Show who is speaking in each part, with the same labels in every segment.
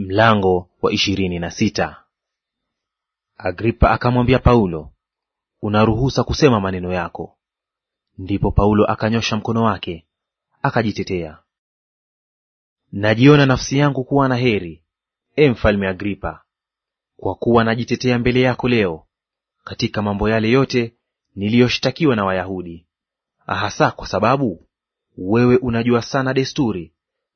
Speaker 1: Mlango wa ishirini na sita. Agripa akamwambia Paulo, unaruhusa kusema maneno yako. Ndipo Paulo akanyosha mkono wake akajitetea. Najiona nafsi yangu kuwa na heri, e mfalme Agripa, kwa kuwa najitetea mbele yako leo katika mambo yale yote niliyoshtakiwa na Wayahudi, hasa kwa sababu wewe unajua sana desturi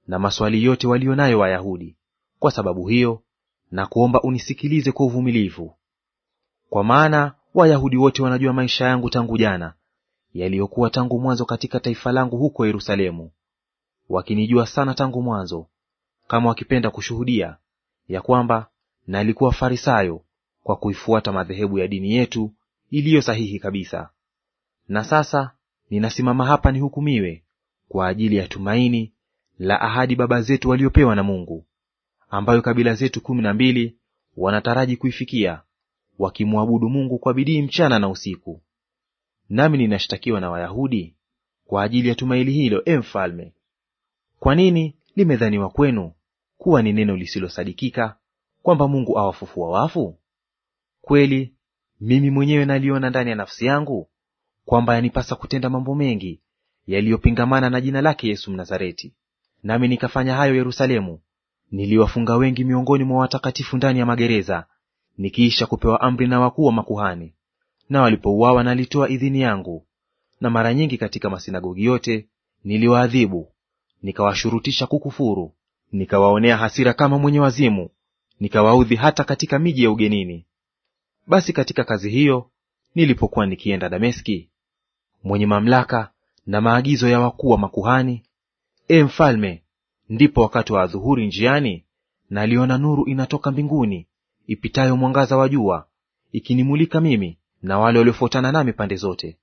Speaker 1: na maswali yote walionayo nayo Wayahudi kwa sababu hiyo na kuomba unisikilize kwa uvumilivu, kwa maana Wayahudi wote wanajua maisha yangu tangu jana, yaliyokuwa tangu mwanzo katika taifa langu huko Yerusalemu, wakinijua sana tangu mwanzo, kama wakipenda kushuhudia ya kwamba nalikuwa Farisayo kwa kuifuata madhehebu ya dini yetu iliyo sahihi kabisa. Na sasa ninasimama hapa nihukumiwe kwa ajili ya tumaini la ahadi baba zetu waliopewa na Mungu ambayo kabila zetu kumi na mbili wanataraji kuifikia wakimwabudu Mungu kwa bidii mchana na usiku. Nami ninashtakiwa na Wayahudi kwa ajili ya tumaili hilo, e mfalme. Kwa nini limedhaniwa kwenu kuwa ni neno lisilosadikika kwamba Mungu awafufua wafu? Kweli mimi mwenyewe naliona ndani ya nafsi yangu kwamba yanipasa kutenda mambo mengi yaliyopingamana na jina lake Yesu Mnazareti, nami nikafanya hayo Yerusalemu Niliwafunga wengi miongoni mwa watakatifu ndani ya magereza, nikiisha kupewa amri na wakuu wa makuhani. Na walipouawa nalitoa idhini yangu. Na mara nyingi katika masinagogi yote niliwaadhibu, nikawashurutisha kukufuru, nikawaonea hasira kama mwenye wazimu, nikawaudhi hata katika miji ya ugenini. Basi katika kazi hiyo nilipokuwa nikienda Dameski, mwenye mamlaka na maagizo ya wakuu wa makuhani, E mfalme, Ndipo wakati wa adhuhuri njiani, naliona nuru inatoka mbinguni ipitayo mwangaza wa jua, ikinimulika mimi na wale waliofuatana nami pande zote.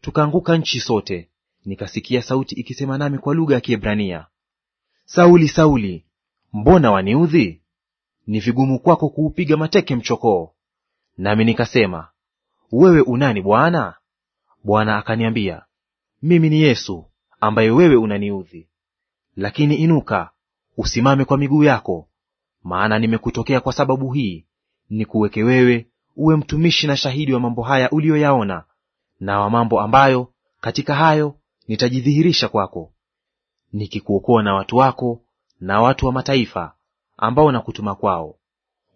Speaker 1: Tukaanguka nchi sote, nikasikia sauti ikisema nami kwa lugha ya Kiebrania, Sauli, Sauli, mbona waniudhi? Ni vigumu kwako kuupiga mateke mchokoo. Nami nikasema, wewe unani Bwana? Bwana akaniambia, mimi ni Yesu ambaye wewe unaniudhi. Lakini inuka usimame kwa miguu yako, maana nimekutokea kwa sababu hii, nikuweke wewe uwe mtumishi na shahidi wa mambo haya uliyoyaona, na wa mambo ambayo katika hayo nitajidhihirisha kwako, nikikuokoa na watu wako na watu wa mataifa ambao nakutuma kwao,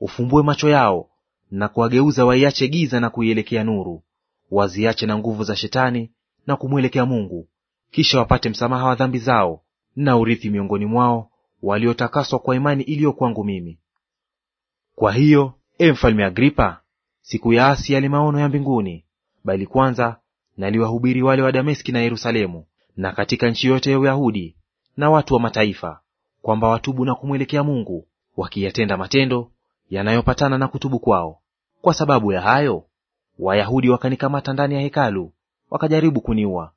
Speaker 1: ufumbue macho yao na kuwageuza waiache giza na kuielekea nuru, waziache na nguvu za Shetani na kumwelekea Mungu, kisha wapate msamaha wa dhambi zao na urithi miongoni mwao waliotakaswa kwa imani iliyo kwangu mimi. Kwa hiyo, e mfalme Agripa, siku ya asi yale maono ya mbinguni, bali kwanza naliwahubiri wale wa Dameski na Yerusalemu na katika nchi yote ya Uyahudi na watu wa mataifa, kwamba watubu na kumwelekea Mungu, wakiyatenda matendo yanayopatana na kutubu kwao. Kwa sababu ya hayo Wayahudi wakanikamata ndani ya hekalu, wakajaribu kuniua.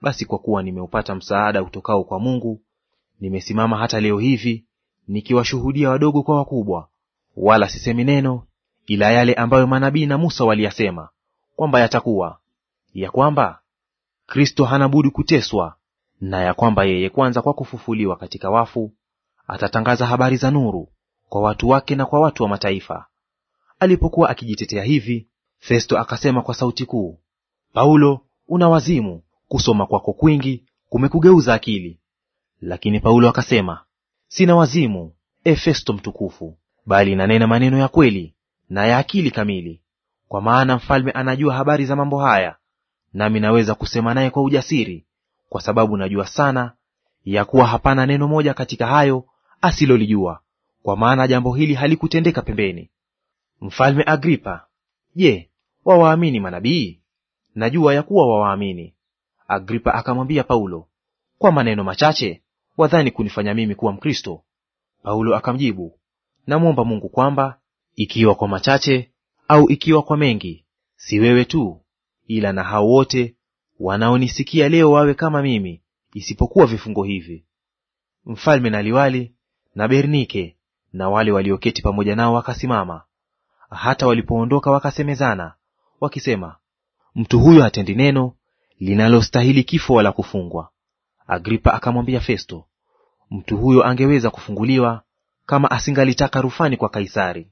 Speaker 1: Basi kwa kuwa nimeupata msaada utokao kwa Mungu, nimesimama hata leo hivi nikiwashuhudia wadogo kwa wakubwa, wala sisemi neno ila yale ambayo manabii na Musa waliyasema kwamba yatakuwa, ya kwamba Kristo hana budi kuteswa, na ya kwamba yeye kwanza kwa kufufuliwa katika wafu atatangaza habari za nuru kwa watu wake na kwa watu wa mataifa. Alipokuwa akijitetea hivi, Festo akasema kwa sauti kuu, Paulo, una wazimu; kusoma kwako kwingi kumekugeuza akili. Lakini Paulo akasema, sina wazimu, e Festo mtukufu, bali nanena maneno ya kweli na ya akili kamili, kwa maana mfalme anajua habari za mambo haya, nami naweza kusema naye kwa ujasiri, kwa sababu najua sana ya kuwa hapana neno moja katika hayo asilolijua, kwa maana jambo hili halikutendeka pembeni. Mfalme Agripa, je, wawaamini manabii? Najua ya kuwa wawaamini. Agripa akamwambia Paulo, kwa maneno machache wadhani kunifanya mimi kuwa Mkristo? Paulo akamjibu, namwomba Mungu kwamba ikiwa kwa machache au ikiwa kwa mengi, si wewe tu, ila na hao wote wanaonisikia leo wawe kama mimi, isipokuwa vifungo hivi. Mfalme na liwali na Bernike na wale walioketi pamoja nao wakasimama. Hata walipoondoka wakasemezana wakisema, mtu huyo hatendi neno linalostahili kifo wala kufungwa. Agripa akamwambia Festo, mtu huyo angeweza kufunguliwa kama asingalitaka rufani kwa Kaisari.